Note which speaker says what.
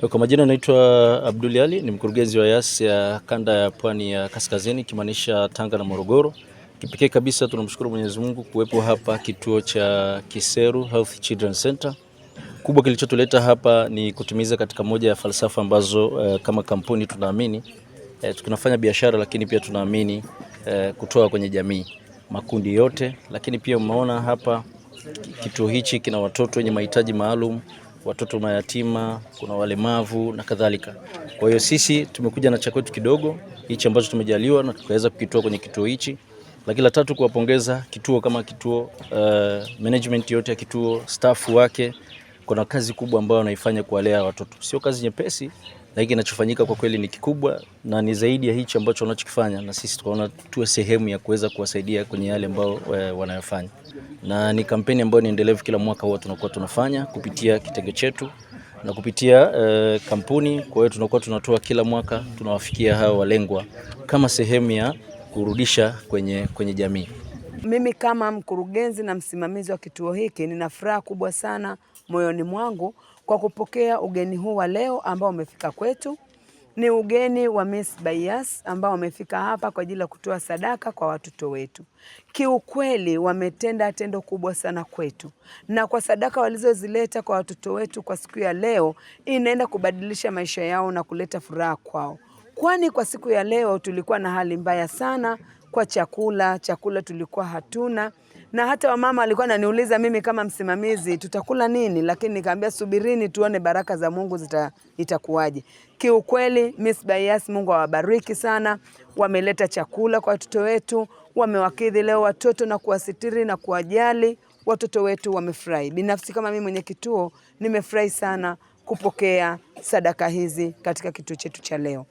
Speaker 1: Kwa majina naitwa Abduli Ali, ni mkurugenzi wa YAS ya kanda ya pwani ya kaskazini, kimaanisha Tanga na Morogoro. Kipekee kabisa tunamshukuru Mwenyezi Mungu kuwepo hapa kituo cha Kiseru Health Children Center. Kubwa kilichotuleta hapa ni kutimiza katika moja ya falsafa ambazo eh, kama kampuni tunaamini eh, tunafanya biashara lakini pia tunaamini eh, kutoa kwenye jamii makundi yote, lakini pia umeona hapa kituo hichi kina watoto wenye mahitaji maalum watoto mayatima, kuna walemavu na kadhalika. Kwa hiyo sisi tumekuja na chakwetu kidogo hichi ambacho tumejaliwa na tukaweza kukitoa kwenye kituo hichi, lakini la tatu kuwapongeza kituo kama kituo uh, management yote ya kituo, staff wake kuna kazi kubwa ambayo wanaifanya kuwalea watoto, sio kazi nyepesi, lakini kinachofanyika kwa kweli ni kikubwa na ni zaidi ya hicho ambacho wanachokifanya, na sisi tukaona tuwe sehemu ya kuweza kuwasaidia kwenye yale ambayo eh, wanayofanya, na ni kampeni ambayo ni endelevu, kila mwaka huwa tunakuwa tunafanya kupitia kitengo chetu na kupitia eh, kampuni. Kwa hiyo tunakuwa tunatoa kila mwaka, tunawafikia hao walengwa kama sehemu ya kurudisha kwenye, kwenye jamii.
Speaker 2: Mimi kama mkurugenzi na msimamizi wa kituo hiki nina furaha kubwa sana moyoni mwangu kwa kupokea ugeni huu wa leo ambao umefika kwetu. Ni ugeni wa Miss Bias ambao wamefika hapa kwa ajili ya kutoa sadaka kwa watoto wetu. Kiukweli wametenda tendo kubwa sana kwetu, na kwa sadaka walizozileta kwa watoto wetu kwa siku ya leo, inaenda kubadilisha maisha yao na kuleta furaha kwao, kwani kwa siku ya leo tulikuwa na hali mbaya sana kwa chakula, chakula tulikuwa hatuna, na hata wamama walikuwa naniuliza mimi kama msimamizi, tutakula nini? Lakini nikaambia subirini tuone baraka za Mungu zita itakuwaje. Kiukweli Miss Bias, Mungu awabariki sana, wameleta chakula kwa watoto wetu, wamewakidhi leo watoto na kuwasitiri na kuwajali watoto wetu, wamefurahi. Binafsi kama mimi mwenye kituo nimefurahi sana kupokea sadaka hizi katika kituo chetu cha leo.